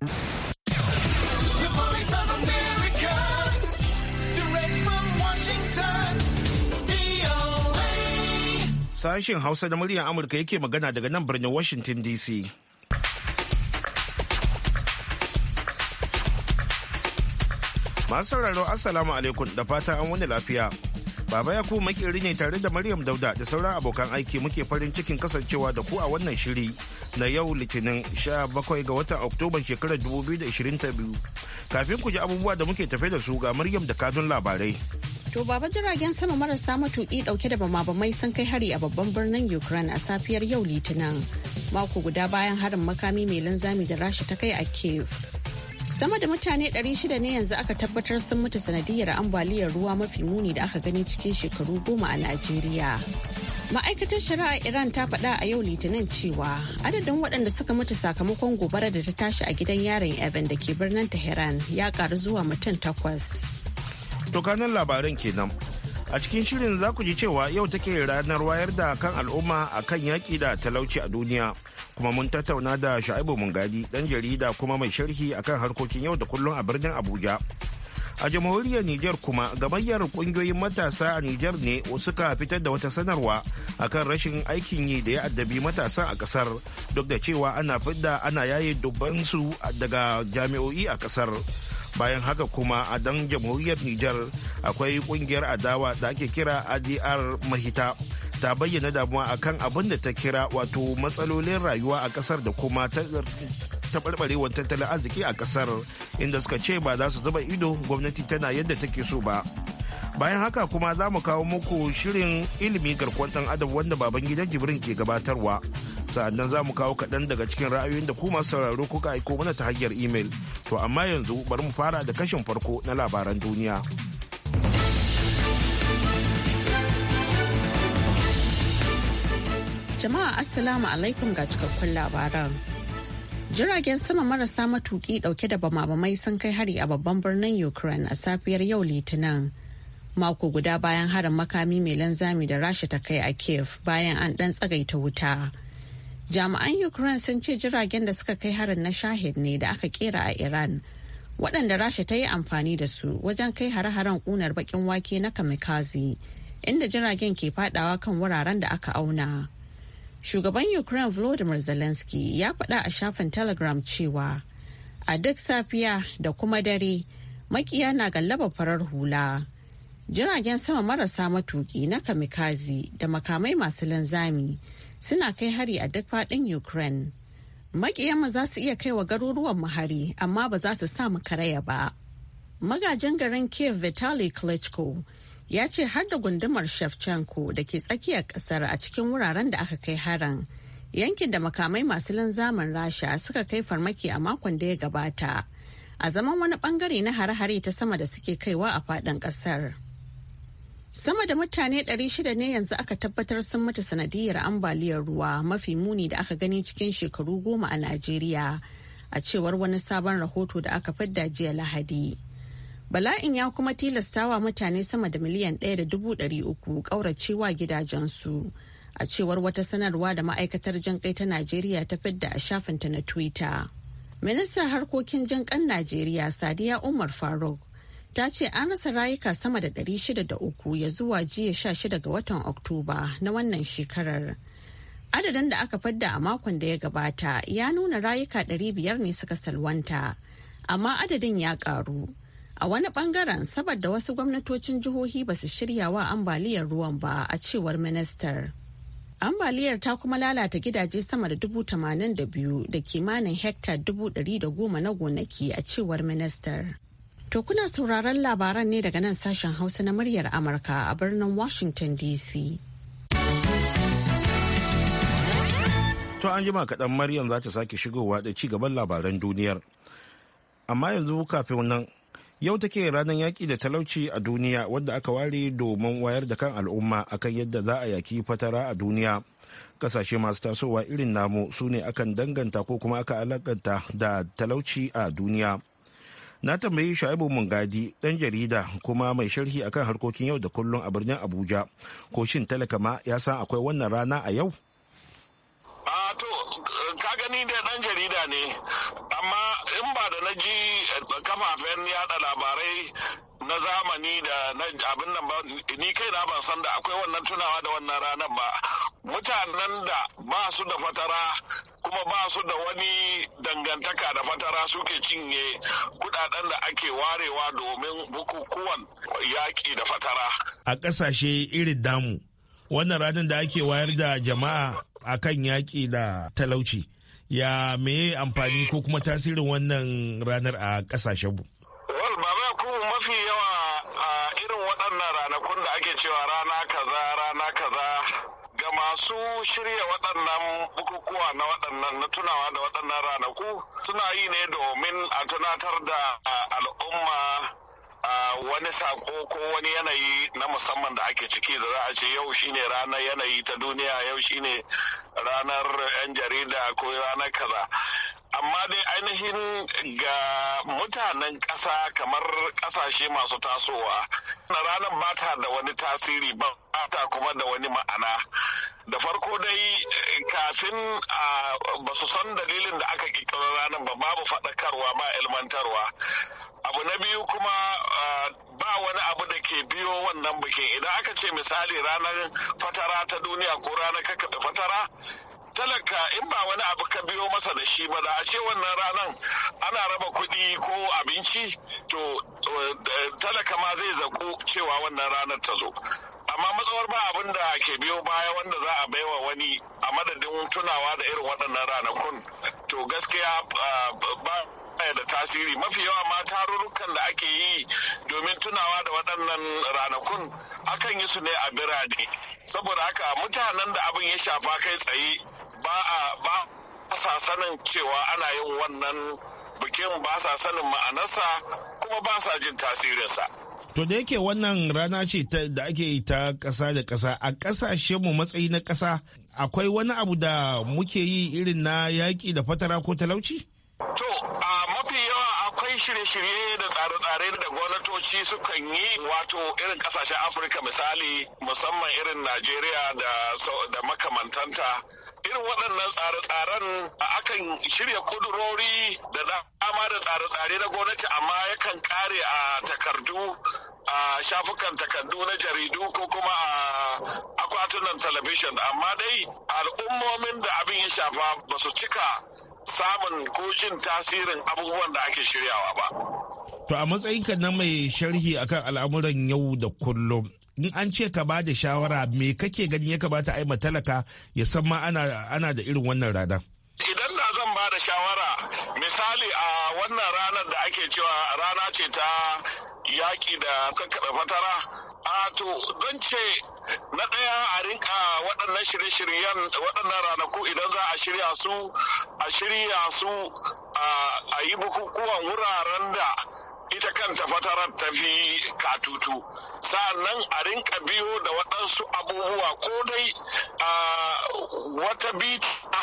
Sashen Hausa da muryar Amurka yake magana daga nan birnin Washington DC. Masu sauraro Assalamu alaikum da fata an wani lafiya. Baba ya ku makeri ne tare da Maryam Dauda da sauran abokan aiki muke farin cikin kasancewa da ku a wannan shiri na yau Litinin 17 ga watan Oktoba shekarar 2022. Kafin ku ji abubuwa da muke tafe da su ga Maryam da kadun labarai. To baba jiragen sama marasa matuƙi ɗauke da bamabamai sun kai hari a babban birnin Ukraine a safiyar yau Litinin. Mako guda bayan harin makami mai linzami da rashi ta kai a Kiev. sama da mutane 600 ne yanzu aka tabbatar sun mutu sanadiyar ambaliyar ruwa mafi muni da aka gani cikin shekaru goma a najeriya ma'aikatar shari'a iran ta faɗa a yau litinin cewa adadin waɗanda suka mutu sakamakon gobara da ta tashi a gidan yaron evan da ke birnin tehran ya karu zuwa mutum takwas tokanin labaran kenan a cikin shirin za ku ji cewa yau take ranar wayar da kan al'umma akan yaƙi da talauci a duniya kuma mun tattauna da sha'ibu mungadi dan jarida kuma mai sharhi akan harkokin yau da kullum a birnin abuja a jamhuriyar niger kuma gamayyar kungiyoyin matasa a niger ne suka fitar da wata sanarwa akan rashin aikin yi da ya addabi matasa a kasar duk da cewa ana fidda ana yaye dubbansu daga jami'o'i a kasar bayan haka kuma a dan jamhuriyar niger akwai kungiyar adawa da ake kira adr mahita ta bayyana damuwa akan abin da ta kira wato matsalolin rayuwa a kasar da kuma taɓarɓarewar tattalin arziki a kasar inda suka ce ba za su zuba ido gwamnati tana yadda take so ba bayan haka kuma za mu kawo muku shirin ilimi garkuwar ɗan adam wanda baban gidan jibrin ke gabatarwa sa'annan za mu kawo kaɗan daga cikin ra'ayoyin da kuma sauraro kuka aiko mana ta hanyar imel to amma yanzu bari mu fara da kashin farko na labaran duniya. Jama'a Assalamu alaikum ga cikakkun labaran. Jiragen sama marasa matuki dauke da bamabamai sun kai hari a babban birnin Ukraine a safiyar yau Litinin. Mako guda bayan harin makami mai lanzami da rasha ta kai a Kiev bayan an dan tsagaita wuta. Jami'an Ukraine sun ce jiragen da suka kai harin na Shahid ne da aka kera a Iran. Waɗanda rasha ta yi amfani da su wajen kai hare-haren ƙunar baƙin wake na kamikaze, inda jiragen ke fadawa kan wuraren da aka auna. Shugaban Ukraine Volodymyr Zelensky ya faɗa a shafin Telegram cewa a duk safiya da kuma dare makiya na gallaba farar hula. Jiragen sama marasa matuki na kamikazi da makamai masu linzami suna kai hari a duk faɗin Ukraine. Makiyanmu za su iya kai wa garuruwan mu hari amma ba za su samu karaya ba. Magajin garin Kiev Vitaly Klitschko ya ce har da gundumar shevchenko da ke tsakiyar kasar a cikin wuraren da aka kai harin yankin da makamai masu linzamin rasha suka kai farmaki a makon da ya gabata a zaman wani bangare na hare-hare ta sama da suke kaiwa a faɗin ƙasar. sama da mutane 600 ne yanzu aka tabbatar sun mutu sanadiyar ambaliyar ruwa mafi muni da aka gani cikin shekaru goma a najeriya a cewar wani sabon rahoto da aka fidda jiya lahadi. Bala'in ya kuma tilastawa mutane sama da miliyan ɗaya da dubu ɗari uku ƙauracewa gidajensu. A cewar wata sanarwa da ma'aikatar jan kai ta Najeriya ta fidda a shafinta na Twitter. Ministan harkokin jan kan Najeriya Sadiya Umar Faruk ta ce an rasa rayuka sama da ɗari shida da uku ya zuwa jiya sha shida ga watan Oktoba na wannan shekarar. Adadin da aka fadda a makon da ya gabata ya nuna rayuka ɗari biyar ne suka salwanta, amma adadin ya ƙaru. A wani bangaren saboda wasu gwamnatocin jihohi ba su shirya wa ambaliyar ruwan ba a cewar ministar. Ambaliyar ta kuma lalata gidaje sama da dubu tamanin da biyu da kimanin hekta dubu ɗari da goma na gonaki a cewar ministar. To kuna sauraron labaran ne daga nan sashen Hausa na muryar Amurka a birnin Washington DC. To an jima kaɗan Maryam za ta sake shigowa da ci gaban labaran duniyar. Amma yanzu kafin nan Yau take ranar yaƙi da talauci a duniya wadda aka ware domin wayar da kan al'umma akan yadda za a yaki fatara a duniya. ƙasashe masu tasowa irin namu su ne akan danganta ko kuma aka alakanta da talauci a duniya. Na tambayi Sha'ibu Mungadi ɗan jarida kuma mai sharhi akan harkokin yau da kullum a birnin Abuja ko shin talaka ma ya san akwai wannan rana a yau? to ka gani da dan jarida ne amma in ba da na ji eh, kafafen yada labarai na zamani da na abin nan ba ni kai na ban san da akwai wannan tunawa da wannan ranar ba mutanen da ba su da fatara kuma ba su da wani dangantaka da fatara suke cinye kudaden da ake warewa domin bukukuwan yaƙi da fatara a ƙasashe irin damu wannan ranar da ake wayar da jama'a a kan yaƙi da talauci ya me amfani ko kuma tasirin wannan ranar a ƙasashen mu. Wal baba Yakubu mafi yawa a irin waɗannan ranakun da ake cewa rana kaza rana kaza ga masu shirya waɗannan bukukuwa na waɗannan na tunawa da waɗannan ranaku suna yi ne domin a tunatar da al'umma A wani sako ko wani yanayi na musamman da ake ciki da za a ce yau shine ranar yanayi ta duniya yau shine ranar 'yan jarida ko ranar kaza amma dai ainihin ga mutanen ƙasa kamar ƙasashe masu tasowa na ranar ba ta da wani tasiri ba ta kuma da wani ma'ana da farko dai kafin ba su san dalilin da aka kirkiro ranar ba babu faɗakarwa ba ilmantarwa abu na biyu kuma ba wani abu da ke biyo wannan bikin idan aka ce misali ranar fatara ta duniya ko ranar kakaɓe fatara talaka in ba wani abu ka biyo masa da shi ba da a ce wannan ranar ana raba kuɗi ko abinci to talaka ma zai zaku cewa wannan ranar ta zo amma matsawar ba abin da ke biyo baya wanda za a baiwa wani a madadin tunawa da irin waɗannan ranakun to gaskiya ba ya da tasiri mafi yawa ma tarurrukan da ake yi domin tunawa da waɗannan ranakun akan yi su ne a birane saboda haka mutanen da abin ya shafa kai tsaye ba a ba sa sanin cewa ana yin wannan bikin ba sa sanin ma'anarsa kuma ba sa jin tasirinsa To da yake wannan rana ce da ake yi ta kasa da ƙasa a ƙasashe mu matsayi na ƙasa akwai wani abu da muke yi irin na yaƙi da fatara ko talauci? To a mafi yawa akwai shirye-shirye da tsare-tsare da gwamnatoci sukan yi wato irin ƙasashen Afirka misali musamman irin Najeriya da makamantanta. irin waɗannan tsare-tsaren akan shirya kudurori da dama da tsare-tsare na gwamnati amma yakan kare a takardu a shafukan takardu na jaridu ko kuma a akwatunan talabishin amma dai al'ummomin da abin ya shafa ba su cika samun ko jin tasirin abubuwan da ake shiryawa ba. To a matsayinka na mai sharhi akan al'amuran yau da kullum duk an ce ka bada shawara me kake ganin ya kamata ai matalaka ya san ma ana ana da irin wannan rana idan da zan bada shawara misali a wannan ranar da ake cewa rana ce ta yaki da kakkaɓe fatara a to zan ce na ɗaya a rinka waɗannan shirye-shiryen waɗannan ranaku idan za a shirya su a shirya su a yi bukukuwan wuraren da ita kanta fatarar ta fi katutu sa'annan a rinka biyo da waɗansu abubuwa ko dai a wata bita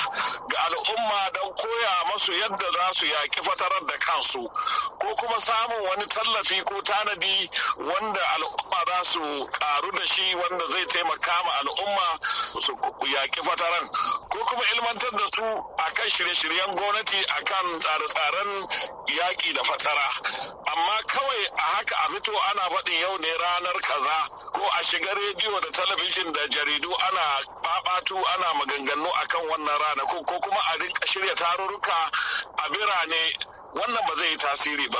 ga al'umma don koya masu yadda za su yaƙi fatarar da kansu ko kuma samun wani tallafi ko tanadi wanda al'umma za su ƙaru da shi wanda zai taimaka ma al'umma su yaƙi fataran ko kuma ilmantar da su akan shirye-shiryen gwamnati akan tsare-tsaren yaƙi da fatara amma kawai a haka a fito ana faɗin yau ne ranar kaza ko a shiga rediyo da talabijin da jaridu ana babatu ana maganganu a kan wannan rana ko kuma a rinka shirya tarurruka a birane wannan ba zai yi tasiri ba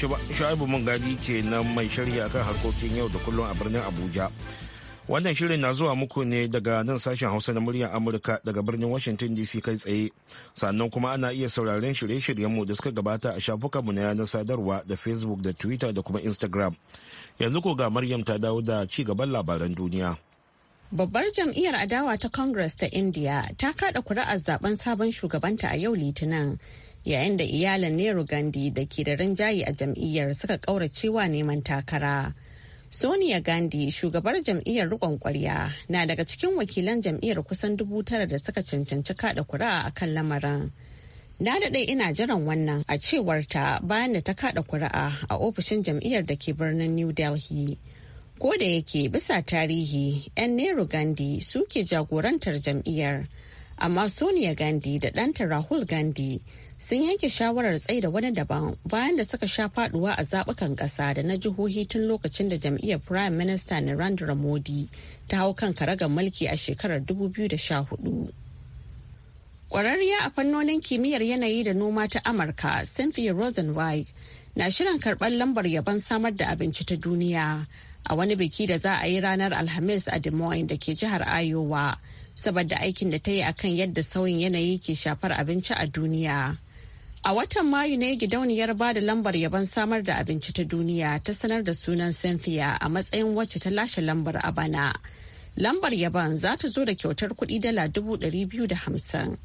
shu'aibu mun gadi ke nan mai sharhi kan harkokin yau da kullum a birnin abuja wannan shirin na zuwa muku ne daga nan sashen hausa na muryar amurka daga birnin washington dc kai tsaye sannan kuma ana iya sauraren shirye-shiryenmu da suka gabata a mu na yanar sadarwa da facebook da twitter da kuma instagram yanzu ko ga maryam ta dawo da ci gaban labaran duniya Babbar jam'iyyar adawa ta Congress ta India ta kada kuri'ar zaben sabon shugabanta a yau Litinin yayin da iyalan Nero Gandhi da ke da rinjaye a jam'iyyar suka kauracewa neman takara. Sonia Gandhi shugabar jam'iyyar rikon kwarya na daga cikin wakilan jam'iyyar kusan dubu tara da suka cancanci kada kura a kan lamarin. Na daɗe ina jiran wannan a cewarta bayan da ta kada kuri'a a ofishin jam'iyyar da ke birnin New Delhi. Ko da yake bisa tarihi, 'yan Nero Gandhi suke jagorantar jam'iyyar, amma Sonia Gandhi da ɗanta Rahul Gandhi sun yanke shawarar tsaida wani daban bayan da suka sha faduwa a zabukan kasa da na jihohi tun lokacin da jam'iyyar prime minister narendra modi ta hau kan karagar mulki a shekarar 2014 Ƙwararriya a fannonin kimiyyar yanayi da noma ta Amurka, Cynthia Rosenweig, na shirin karɓar lambar yaban samar da abinci ta duniya a wani biki da za a yi ranar Alhamis a Des Moines da ke jihar Iowa, saboda aikin da ta yi akan yadda sauyin yanayi ke shafar abinci a duniya. A watan Mayu ne gidauniyar ba da lambar yaban samar da abinci ta duniya ta sanar da sunan Cynthia a matsayin wacce ta lashe lambar a bana. Lambar yaban za ta zo da kyautar kuɗi dala dubu ɗari biyu da hamsin.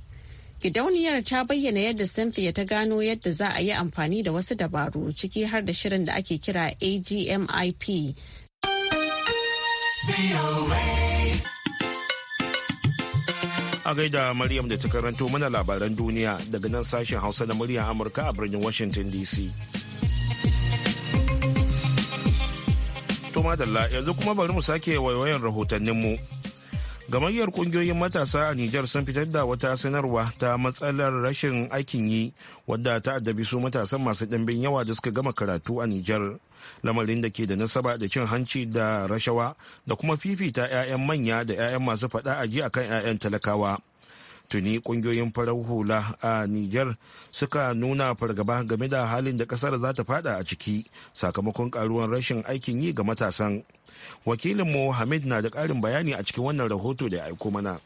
Gidauniyar ta bayyana yadda Cynthia ta gano yadda za a yi amfani da wasu dabaru ciki har da shirin da ake kira AGMIP. a gaida Maryam da ta karanto mana labaran duniya daga nan sashen Hausa na murya Amurka a birnin Washington DC. To madalla yanzu kuma bari mu sake rahotannin rahotanninmu. gamayyar kungiyoyin matasa a Nijar sun fitar da wata sanarwa ta matsalar rashin aikin yi wadda ta addabi su matasan masu ɗimbin yawa da suka gama karatu a Nijar. Lamarin da ke da nasaba da cin hanci da rashawa da kuma fifita 'ya'yan manya da 'ya'yan masu faɗa a ji akan 'ya'yan talakawa. tuni kungiyoyin farar hula a niger suka nuna fargaba game da halin da kasar za ta fada a ciki sakamakon karuwan rashin aikin yi ga matasan wakilinmu hamid na da karin bayani a cikin wannan rahoto da ya aiko mana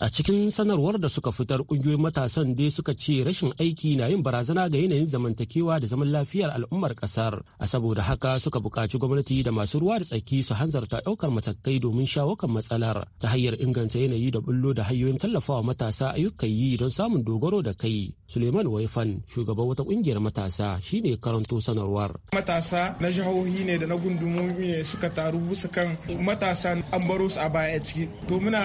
A cikin sanarwar da suka fitar kungiyoyin matasan dai suka ce rashin aiki na yin barazana ga yanayin zamantakewa da zaman lafiyar al'ummar kasar. A saboda haka suka buƙaci gwamnati da masu ruwa da tsaki su hanzarta ɗaukar matakai domin shawo kan matsalar ta hanyar inganta yanayi da bullo da hanyoyin tallafawa matasa ayyukan yi don samun dogaro da kai. Suleiman Waifan, shugaban wata kungiyar matasa, shine karanto sanarwar. Matasa na jihohi ne da na gundumomi ne suka taru bisa kan matasan an baro su a baya ciki. To muna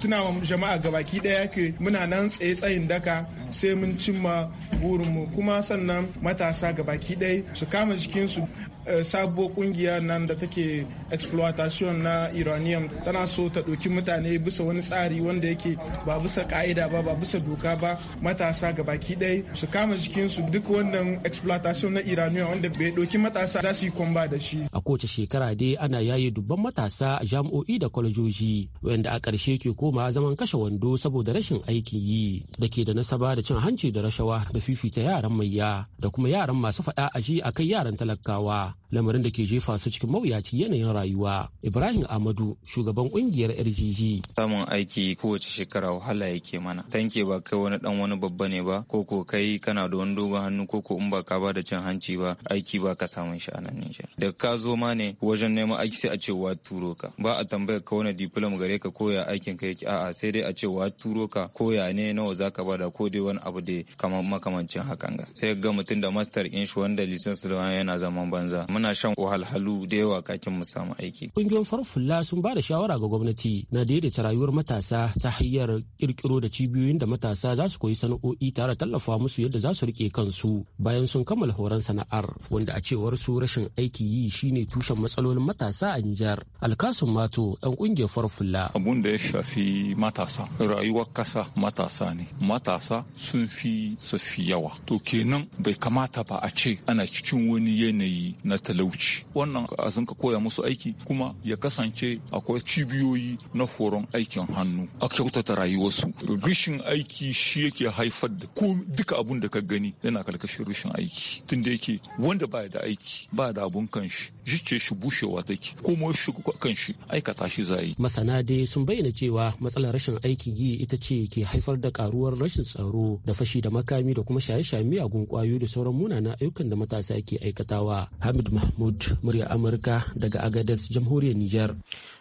tunawa jama'a gabaki daya ke muna nan tsaye tsayin daka sai mun cimma burinmu kuma sannan matasa gabaki daya su kama jikinsu eh, sabuwar kungiya nan da take exploitation na uranium tana so ta ɗauki mutane bisa wani tsari wanda yake ba bisa ka'ida ba ba bisa doka ba matasa ga baki ɗaya su kama jikinsu duk wannan exploitation na uranium wanda bai ɗauki matasa za su yi kwamba da shi. A kowace shekara dai ana yaye dubban matasa a jami'o'i da kwalejoji wanda a ƙarshe ke koma zaman kashe wando saboda rashin aiki yi da ke da nasaba da cin hanci da rashawa da fifita yaran mayya da kuma yaran masu faɗa a ji a kai yaran talakawa lamarin da ke jefa su cikin mawuyaci yanayin rayuwa ibrahim amadu shugaban kungiyar rgg samun aiki kowace shekara wahala yake mana tanke ba kai wani dan wani babba ne ba ko ko kai kana da wani dogon hannu ko ko in ba ka ba cin hanci ba aiki ba ka samun shi a nan nijar da ka zo ma ne wajen neman aiki sai a ce wa turo ka ba a tambayar ka wani diplom gare ka koya aikin ka yake a'a sai dai a ce wa turo ka ko ya ne nawa ka bada ko dai wani abu da kamar makamancin hakan ga sai ga mutum da master in shi wanda lisensi da yana zaman banza muna shan wahalhalu da yawa kakin mu samu aiki. Kungiyoyin farfula sun ba da shawara ga gwamnati na daidaita rayuwar matasa ta hanyar kirkiro da cibiyoyin da matasa za su koyi sana'o'i tare tallafa musu yadda za su rike kansu bayan sun kammala horon sana'ar wanda a cewar su rashin aiki yi shine tushen matsalolin matasa a Nijar. Alkasun Mato ɗan ƙungiyar farfula Abun da ya shafi matasa rayuwar kasa matasa ne matasa sun fi su yawa to kenan bai kamata ba a ce ana cikin wani yanayi na talauci wannan sun ka koya musu aiki kuma ya kasance akwai cibiyoyi na foron aikin hannu a kyautata rayuwarsu rishin aiki shi yake haifar da ko duka abun da ka gani yana karkashin rishin aiki tunda yake wanda baya da aiki ba da abun kanshi jice shi bushewa take kuma shi kan shi aikata shi zai masana dai sun bayyana cewa matsalar rashin aiki yi ita ce ke haifar da karuwar rashin tsaro da fashi da makami da kuma shaye-shaye miyagun kwayo da sauran munana ayyukan da matasa ke aikatawa hamid mahmud murya amurka daga agadez jamhuriyar niger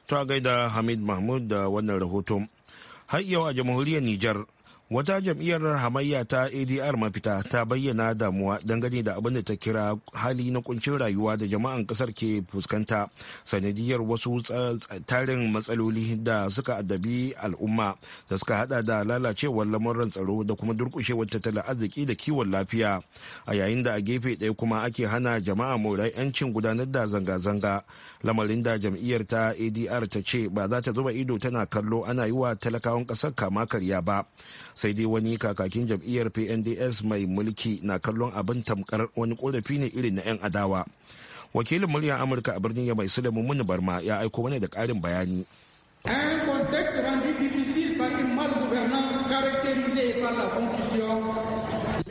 to a gaida hamid mahmud da wannan rahoton har yau a jamhuriyar niger wata jam'iyyar hamayya ta adr mafita ta bayyana damuwa dangane da abin da ta kira hali na kuncin rayuwa da jama'an kasar ke fuskanta sanadiyar wasu tarin matsaloli da suka addabi al'umma da suka hada da lalacewar lamuran tsaro da kuma durkushewar tattalin arziki da kiwon lafiya a yayin da a gefe ɗaya kuma ake hana jama'a morai 'yancin gudanar da zanga-zanga lamarin da jam'iyyar ta adr ta ce ba za ta zuba ido tana kallo ana yi wa talakawan ƙasar kama karya ba sai dai wani kakakin jam'iyyar pnds mai mulki na kallon abin tamkar wani korafi ne irin na 'yan adawa wakilin muryar amurka a birnin ya mai su da mummuni barma ya aiko mana da karin bayani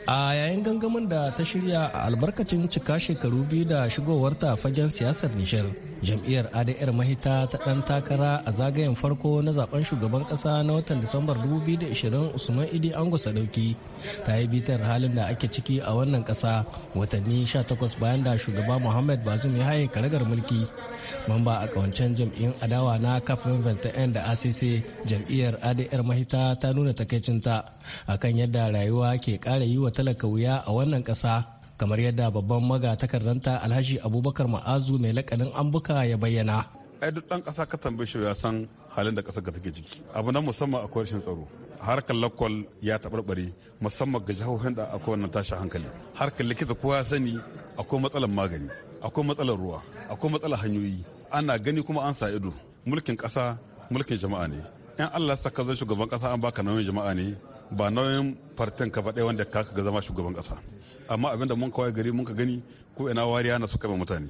a yayin gangamin da ta shirya a albarkacin cika shekaru biyu da shigowarta fagen siyasar nishar jam'iyyar adr mahita ta ɗan takara a zagayen farko na zaben shugaban ƙasa na watan disambar 2020 usman idi ango sadauki ta yi bitar halin da ake ciki a wannan ƙasa watanni 18 bayan da shugaba muhammad bazum ya haye karagar mulki mamba a kawancen jam'iyyar adawa na kafin yan da acc jam'iyyar adr mahita ta nuna takaicinta akan yadda rayuwa ke kara yi wa talaka wuya a wannan ƙasa kamar yadda babban maga takardanta alhaji abubakar ma'azu mai lakanin ambuka ya bayyana ai duk dan kasa ka tambaye shi ya san halin da kasar ka take ciki abu na musamman akwai rashin tsaro harkar lakwal ya taɓarɓare musamman ga jihohin da akwai wannan tashin hankali harkar likita kowa sani akwai matsalar magani akwai matsalar ruwa akwai matsalar hanyoyi ana gani kuma an sa ido mulkin kasa mulkin jama'a ne yan allah saka zan shugaban ƙasa an baka nauyin jama'a ne ba nauyin partin ka faɗai wanda ka ga zama shugaban kasa amma abinda mun kawai gari mun ka gani ko ina wariya na suka ba mutane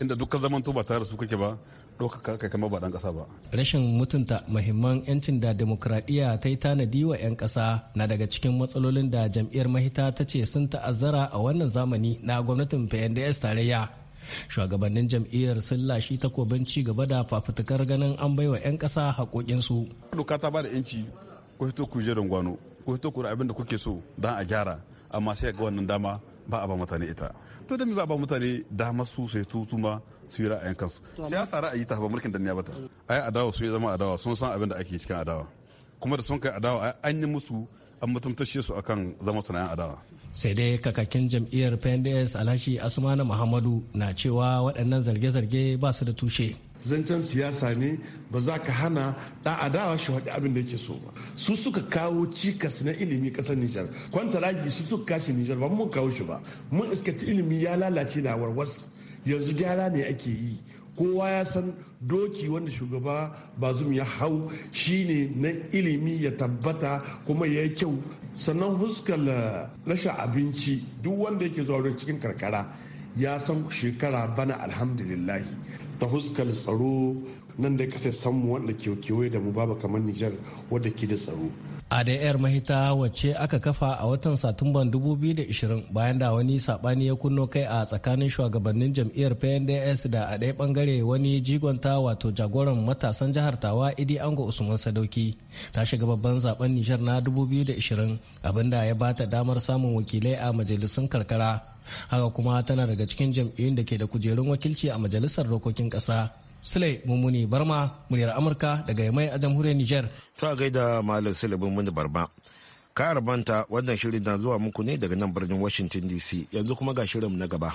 inda dukkan zaman to ba tare da su kake ba ɗaukaka kai kama ba dan ƙasa ba. Rashin mutunta muhimman 'yancin da demokuraɗiyya ta yi tanadi wa 'yan kasa na daga cikin matsalolin da jam'iyyar mahita ta ce sun ta'azzara a wannan zamani na gwamnatin PNDS tarayya. Shugabannin jam'iyyar sun lashi takobin ci gaba da fafutukar ganin an baiwa 'yan ƙasa haƙoƙinsu. Doka ta ba da 'yanci ko fito ku je gwano ko fito ku abin da kuke so don a gyara amma sai ga wannan dama ba a ba mutane ita to da mi ba a ba mutane dama su sai su su ma su yi ra'ayin kansu siyasa ra'ayi ta ba mulkin danniya ba ta mm. ai adawa su ya zama adawa sun san abin da ake cikin adawa kuma da sun kai adawa an yi musu an mutuntashe su akan zama sunayen adawa sai dai kakakin jam'iyyar pnds alhashi asmanu muhammadu na cewa waɗannan zarge-zarge ba su da tushe zancen siyasa ne ba za ka hana ɗan adawa shi faɗi abin da yake so ba su suka kawo cikas na ilimi kasar nijar ragi su suka kashe nijar ba mun kawo shi ba mun iska ta ilimi ya lalace da warwas yanzu gyara ne ake yi kowa ya san doki wanda shugaba bazum ya hau shine na ilimi ya tabbata kuma ya kyau sannan fuskar eh, rashin abinci duk wanda yake zuwa cikin karkara ya san shekara bana alhamdulillahi تهز كل nan da kasar samu wanda ke kewaye da mu babu kamar Nijar wadda ke da tsaro. ADR mahita wacce aka kafa a watan Satumban 2020 bayan da wani sabani ya kunno kai a tsakanin shugabannin jam'iyyar PNDS da a ɗaya bangare wani jigonta wato jagoran matasan jihar Tawa Idi Ango Usman Sadauki ta shiga babban zaben Nijar na 2020 abinda ya bata damar samun wakilai a majalisun karkara haka kuma tana daga cikin jam'iyyun da ke da kujerun wakilci a majalisar dokokin ƙasa Sule Mummuni Barma, muryar Amurka daga Yamai a jamhuriyar Nijar. To a gaida Malam Sule Mummuni Barma. Ka banta wannan shirin na zuwa muku ne daga nan birnin Washington DC yanzu kuma ga shirin na gaba.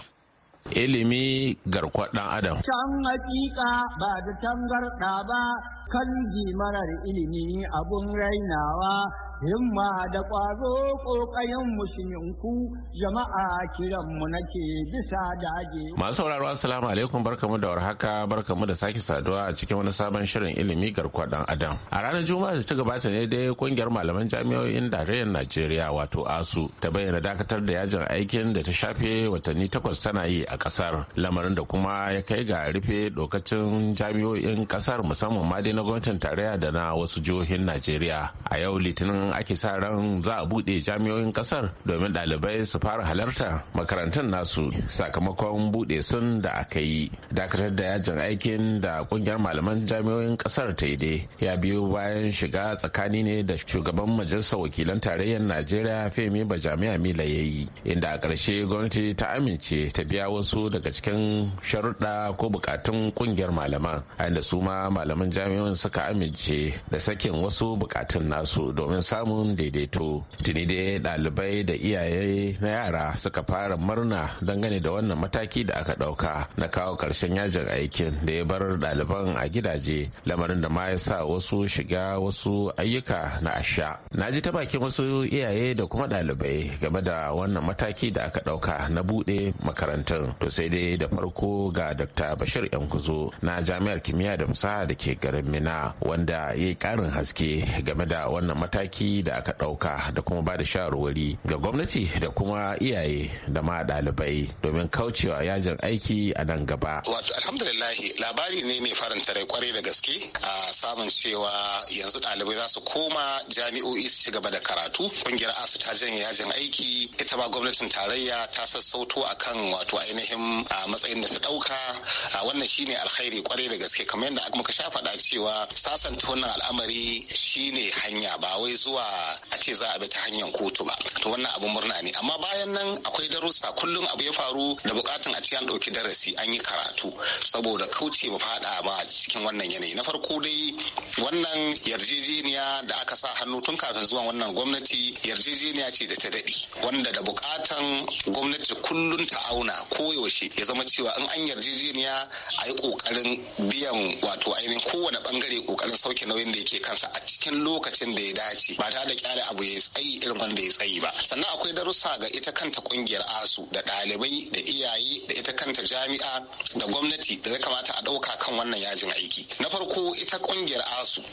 Ilimi garkwar ɗan Adam. Can hakika ba da tangarɗa ba kan marar ilimi abun rainawa himma da ƙwazo ƙoƙayen musulminku jama'a kiranmu nake bisa dage. Masu sauraro assalamu alaikum barkamu da warhaka barkamu da sake saduwa a cikin wani sabon shirin ilimi garkuwa dan adam. A ranar Juma'a da ta gabata ne dai kungiyar malaman jami'o'in tarayyar Najeriya wato ASU ta bayyana dakatar da yajin aikin da ta shafe watanni takwas tana yi a kasar lamarin da kuma ya kai ga rufe dokacin jami'o'in kasar musamman ma dai na gwamnatin tarayya da na wasu jihohin Najeriya. A yau Litinin ake sa ran za a buɗe jami'o'in kasar domin dalibai su fara halarta makarantun nasu sakamakon buɗe sun da aka yi dakatar da yajin aikin da ƙungiyar malaman jami'o'in kasar ta yi dai ya biyo bayan shiga tsakani ne da shugaban majalisar wakilan tarayyar najeriya femi jami'a mila ya yi inda a ƙarshe gwamnati ta amince ta biya wasu daga cikin sharuɗa ko bukatun ƙungiyar malaman a inda su ma malaman jami'o'in suka amince da sakin wasu bukatun nasu domin samun daidaito tuni dai ɗalibai da iyaye na yara suka fara murna dangane da wannan mataki da aka ɗauka na kawo ƙarshen yajin aikin da ya bar ɗaliban a gidaje lamarin da ma ya sa wasu shiga wasu ayyuka na asha na ji ta bakin wasu iyaye da kuma ɗalibai game da wannan mataki da aka ɗauka na buɗe makarantun to sai dai da farko ga dr bashir yankuzo na jami'ar kimiyya da fasaha da ke garin mina wanda ya yi ƙarin haske game da wannan mataki mataki da aka ɗauka da kuma ba da shawarwari ga gwamnati da kuma iyaye da ma ɗalibai domin kaucewa yajin aiki a nan gaba. Wato alhamdulillah labari ne mai faranta rai kwarai da gaske a samun cewa yanzu ɗalibai za su koma jami'o'i su ci gaba da karatu. Kungiyar ASU ta janye yajin aiki ita ma gwamnatin tarayya ta sassauto akan wato ainihin matsayin da ta ɗauka wannan shine alkhairi kwarai da gaske kamar yadda muka sha faɗa cewa sasanta wannan al'amari shine hanya ba wai zuwa zuwa a ce za a bi ta hanyar kotu ba to wannan abu murna ne amma bayan nan akwai darussa kullum abu ya faru da bukatun a ce an ɗauki darasi an yi karatu saboda kauce ba faɗa ba cikin wannan yanayi na farko dai wannan yarjejeniya da aka sa hannu tun kafin zuwa wannan gwamnati yarjejeniya ce da ta daɗe wanda da bukatan gwamnati kullum ta auna koyaushe ya zama cewa in an yarjejeniya a yi kokarin biyan wato ainihin kowane bangare kokarin sauke nauyin da yake kansa a cikin lokacin da ya dace ba ta da kyale abu ya tsayi irin wanda ya tsayi ba sannan akwai darussa ga ita kanta kungiyar asu da ɗalibai da iyaye da ita kanta jami'a da gwamnati da zai kamata a ɗauka kan wannan yajin aiki na farko ita kungiyar asu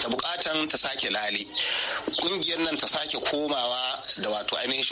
ta bukatan ta sake lale kungiyar nan ta sake komawa da wato ainihin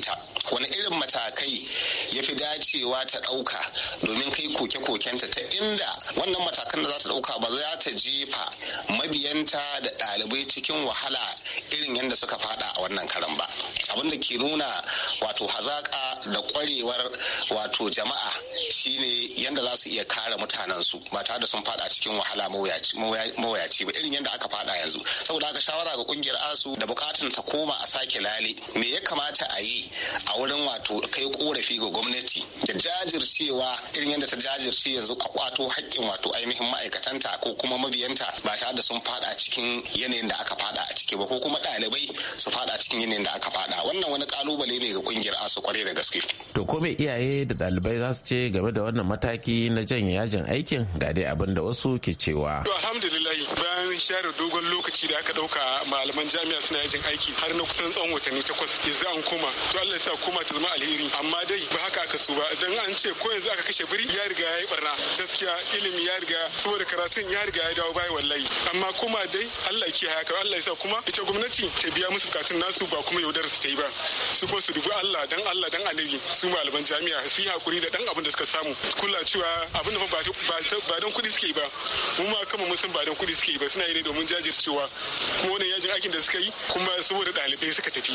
ta wani irin matakai ya fi dacewa ta ɗauka domin kai koke-kokenta ta inda wannan matakan da za ta ɗauka ba za ta jefa mabiyanta da ɗalibai cikin wahala irin yadda suka fada a wannan karan ba abinda ke nuna wato hazaƙa da ƙwarewar wato jama'a shine yadda za su iya kare mutanensu ba tare da sun fada cikin wahala mawuyaci ba irin yadda aka fada yanzu saboda haka shawara ga kungiyar asu da bukatun ta koma a sake lale me ya kamata a yi a wurin wato kai korafi ga gwamnati da jajircewa irin yadda ta jajirce yanzu a kwato hakkin wato ainihin ma'aikatanta ko kuma mabiyanta ba tare da sun fada cikin yanayin da aka fada a ciki ba ko kuma ɗalibai su fada cikin yanayin da aka fada wannan wani kalubale ne ga kungiyar asu kwarai da gaske to ko me iyaye da ɗalibai za su ce ga game da wannan mataki na janye yajin aikin ga dai abin da wasu ke cewa. Alhamdulillah bayan hanyoyin share dogon lokaci da aka dauka malaman jami'a suna yajin aiki har na kusan tsawon watanni takwas yanzu an koma to Allah ya sa koma ta zama alheri amma dai ba haka aka so ba dan an ce ko yanzu aka kashe biri ya riga ya yi barna gaskiya ilimi ya riga saboda karatun ya riga ya dawo bai wallahi amma kuma dai Allah ya kiyaye haka Allah ya sa kuma ita gwamnati ta biya musu katun nasu ba kuma yaudar su ta yi ba su ko su dubi Allah dan Allah dan alheri su malaman jami'a su yi hakuri da dan abin da suka samu kula cewa abin da ba don kuɗi suke ba mu ma kama mun san ba don kuɗi suke ba suna yi ne domin jajircewa kuma wannan yajin aikin da suka yi kuma saboda ɗalibai suka tafi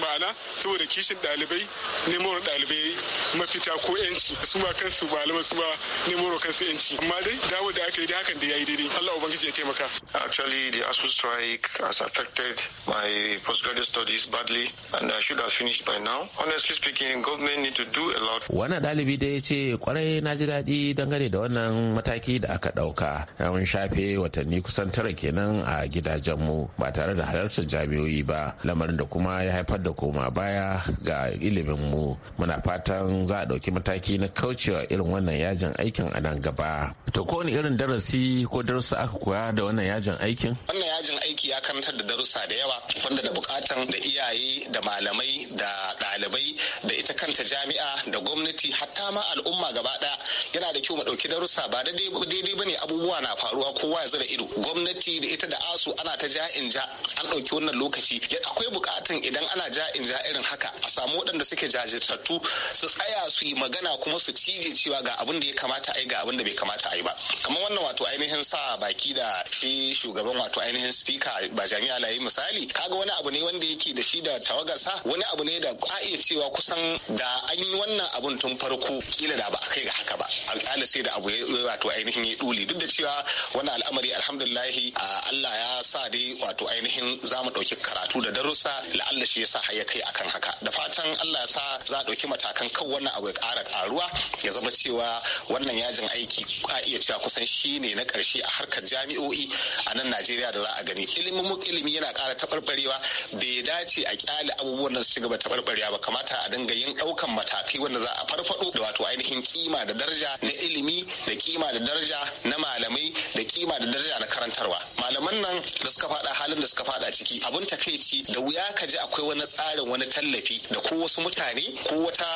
ma'ana saboda kishin ɗalibai nemo ɗalibai mafita ko yanci su ma kansu malaman su ma nemo kansu yanci amma dai dawo da aka yi da hakan da yayi daidai Allah ubangiji ya taimaka actually the ASU strike has affected my postgraduate studies badly and I should have finished by now honestly speaking government need to do a lot wannan ɗalibi da ya ce kwarai na ji daɗi dangane da wannan mataki da aka ɗauka na mun shafe watanni kusan tara tara kenan a gidajen mu ba tare da halartar jami'o'i ba lamarin da kuma ya haifar da koma baya ga ilimin mu muna fatan za a ɗauki mataki na kaucewa irin wannan yajin aikin a nan gaba to ko wani irin darasi ko darussa aka koya da wannan yajin aikin wannan yajin aiki ya karantar da darussa da yawa wanda da bukatan da iyaye da malamai da ɗalibai da ita kanta jami'a da gwamnati hatta ma al'umma gaba ɗaya yana da kyau mu ɗauki darussa ba daidai ba ne abubuwa na faruwa kowa ya zira ido gwamnati gwamnati da ita da asu ana ta ja in ja an ɗauki wannan lokaci akwai bukatan idan ana ja in ja irin haka a samu waɗanda suke jajirtattu su tsaya su yi magana kuma su cije cewa ga abin da ya kamata a yi ga abin da bai kamata a yi ba kamar wannan wato ainihin sa baki da shi shugaban wato ainihin spika ba jami'a layi misali kaga wani abu ne wanda yake da shi da tawagarsa wani abu ne da a iya cewa kusan da an yi wannan abun tun farko kila da ba a kai ga haka ba alƙali sai da abu ya wato ainihin ya duli duk da cewa wani al'amari alhamdulillahi a Allah ya sa dai wato ainihin za mu ɗauki karatu da darussa la'alla shi ya sa ya kai akan haka da fatan Allah ya sa za a ɗauki matakan kan wannan abu ya ƙara ƙaruwa ya zama cewa wannan yajin aiki a iya cewa kusan shi ne na ƙarshe a harkar jami'o'i a nan Najeriya da za a gani ilimin ilimi yana ƙara taɓarɓarewa bai dace a ƙyale abubuwan nan su ci gaba taɓarɓarewa ba kamata a dinga yin ɗaukan matakai wanda za a farfaɗo da wato ainihin kima da daraja na ilimi da kima da daraja na malamai da kima da daraja na karantarwa ba malaman nan da suka fada halin da suka fada ciki abun takaici da wuya ka ji akwai wani tsarin wani tallafi da ko wasu mutane ko wata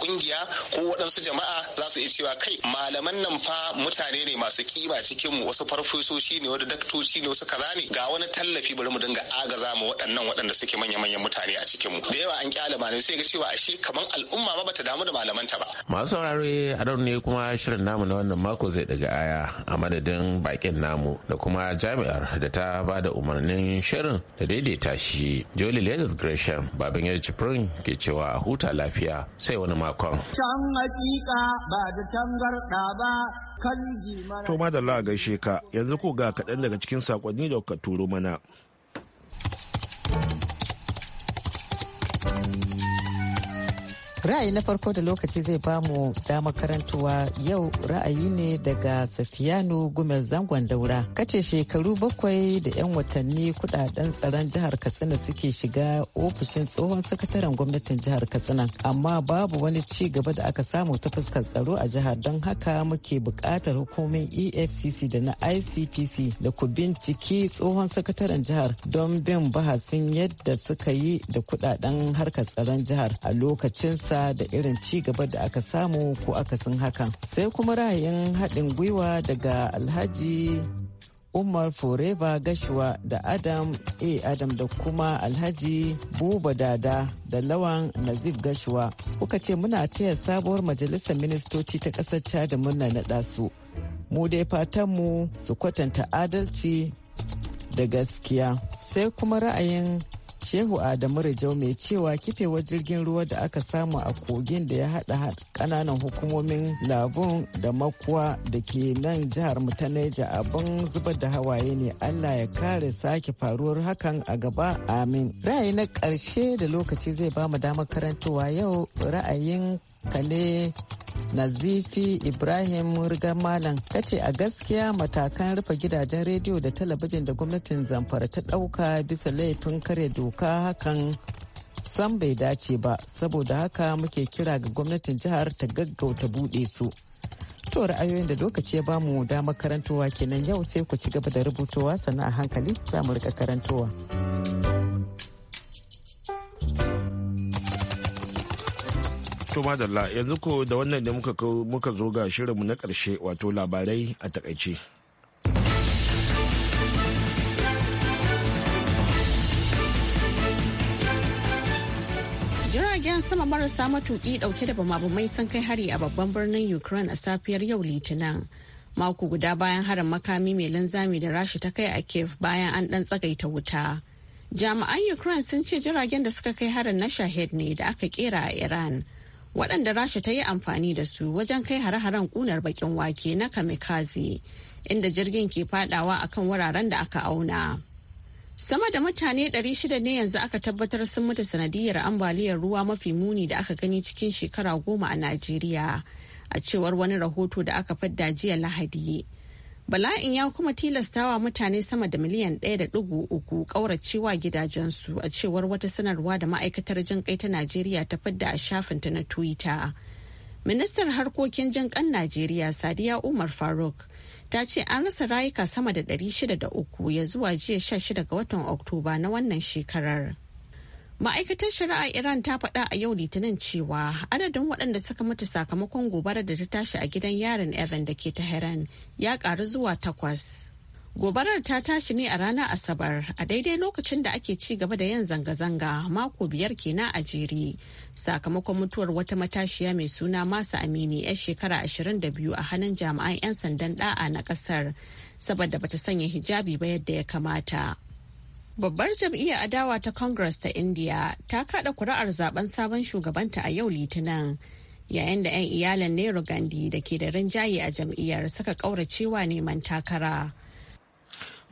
kungiya uh, ko waɗansu jama'a za su iya cewa kai malaman nan fa mutane ne masu kima cikin mu wasu farfesoshi ne wani daktoci ne wasu kaza ne ga wani tallafi bari mu dinga agaza mu waɗannan waɗanda suke manya-manyan mutane a cikin mu da yawa an kyale malamai sai ga cewa ashe kaman al'umma ma bata damu da malaman ta ba masu saurare a ne kuma shirin namu na wannan mako zai daga aya a madadin bakin namu da kuma jami'ar da ta ba da umarnin shirin da daidaita shi jolie lezard gresham babin ya jibrin ke cewa a huta lafiya sai wani makon can ba da tangarda ba kan to madalla gaishe ka yanzu ko ga kaɗan daga cikin sakonni da kuka turo mana ra'ayi na farko da lokaci zai bamu damar karantuwa yau ra'ayi ne daga safiyanu gumel zangon daura kace shekaru bakwai da 'yan watanni kudaden tsaron jihar katsina suke shiga ofishin tsohon sakataren gwamnatin jihar katsina amma babu wani ci gaba da aka samu ta fuskar tsaro a jihar don haka muke buƙatar hukumin efcc da na icpc da ku binciki tsohon sakataren jihar don bin bahasin yadda suka yi da kudaden harkar tsaron jihar a lokacin ƙasarsa da irin ci gaba da aka samu ko aka akasin hakan sai kuma ra'ayin haɗin gwiwa daga alhaji umar forever gashua da adam a eh, adam da kuma alhaji buba dada da lawan nazif gashuwa kuka ce muna taya sabuwar majalisar ministoci ta ƙasar chad murna naɗa su mu dai fatanmu su kwatanta adalci da gaskiya sai kuma ra'ayin shehu adamu rajau mai cewa kifewar jirgin ruwa da aka samu a kogin da ya haɗa ƙananan hukumomin labun da makuwa da ke nan jihar mu ta neja abin zubar da hawaye ne allah ya kare sake faruwar hakan a gaba amin ra'ayi na ƙarshe da lokaci zai ba mu damar karantowa yau ra'ayin kale nazifi ibrahim rigar malam ce a gaskiya matakan rufe gidajen rediyo da talabijin da gwamnatin zamfara ta ɗauka bisa laifin kare doka hakan san bai dace ba saboda haka muke kira ga gwamnatin jihar ta gaggauta buɗe su to ra'ayoyin da lokaci ya bamu damar karantowa kenan yau sai ku ci gaba da rubutowa sannan a hankali za mu rika karantowa. To madalla yanzu ko da wannan ne muka muka zo ga shirinmu na karshe wato labarai a takaice. jiragen sama marasa matuki dauke da bamabumai sun kai hari a babban birnin ukraine a safiyar yau litinin mako guda bayan harin makami mai linzami da rashi ta kai a kiev bayan an dan tsagaita wuta jami'an ukraine sun ce jiragen da suka kai harin na shahid ne da aka kera a iran waɗanda rasha ta yi amfani da su wajen kai hare-haren ƙunar bakin wake na kamikaze inda jirgin ke fadawa akan wuraren da aka auna sama da mutane 600 ne yanzu aka tabbatar sun mutu sanadiyar ambaliyar ruwa mafi muni da aka gani cikin shekara goma a najeriya a cewar wani rahoto da aka fadda jiya lahadi bala'in ya kuma tilastawa mutane sama da miliyan ɗaya da ɗigo uku ƙauracewa gidajensu a cewar wata sanarwa da ma'aikatar jin kai ta najeriya ta fidda a shafin ta na twitter Ministan harkokin jin kan najeriya sadiya umar faruk ta ce an rasa rayuka sama da ɗari shida da uku ya zuwa jiya sha shida ga watan oktoba na wannan shekarar. Ma'aikatar shari'a Iran ta faɗa a yau Litinin cewa adadin waɗanda suka mutu sakamakon gobarar da ta tashi a gidan yarin Evan da ke Tehran ya ƙaru zuwa takwas. Gobarar ta tashi ne a ranar Asabar a daidai lokacin da ake ci gaba da yin zanga-zanga mako biyar kenan a jere sakamakon mutuwar wata matashiya mai suna Masa Amini 'yar shekara 22 a hannun jami'an 'yan sandan da'a na ƙasar saboda bata sanya hijabi ba yadda ya kamata. Babbar jam'iyyar adawa ta Congress ta India ta kada kuri'ar zaben sabon shugabanta a yau Litinin. Yayin da 'yan iyalan Nehru Gandhi da ke da rinjaye a jam'iyyar suka kauracewa neman takara.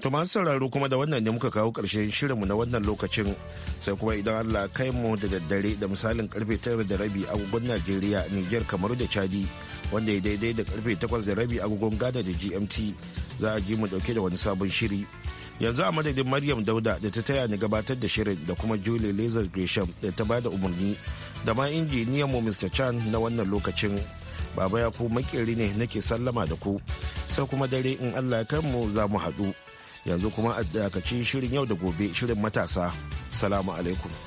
To masu sauraro kuma da wannan ne muka kawo ƙarshen shirinmu na wannan lokacin sai kuma idan Allah kai mu da daddare da misalin karfe tara da rabi agogon Najeriya, Nijar, kamar da Chadi wanda ya daidai da karfe takwas da rabi agogon Ghana da GMT za a ji mu dauke da wani sabon shiri. yanzu a madadin maryam dauda da ta taya ni gabatar da shirin da kuma julie lazar gresham da ta bada umarni da ma injiniyan mu mr chan na wannan lokacin baba ya ku makeri ne nake sallama da ku sai kuma dare in allah ya mu za mu haɗu yanzu kuma a dakaci shirin yau da gobe shirin matasa salamu alaikum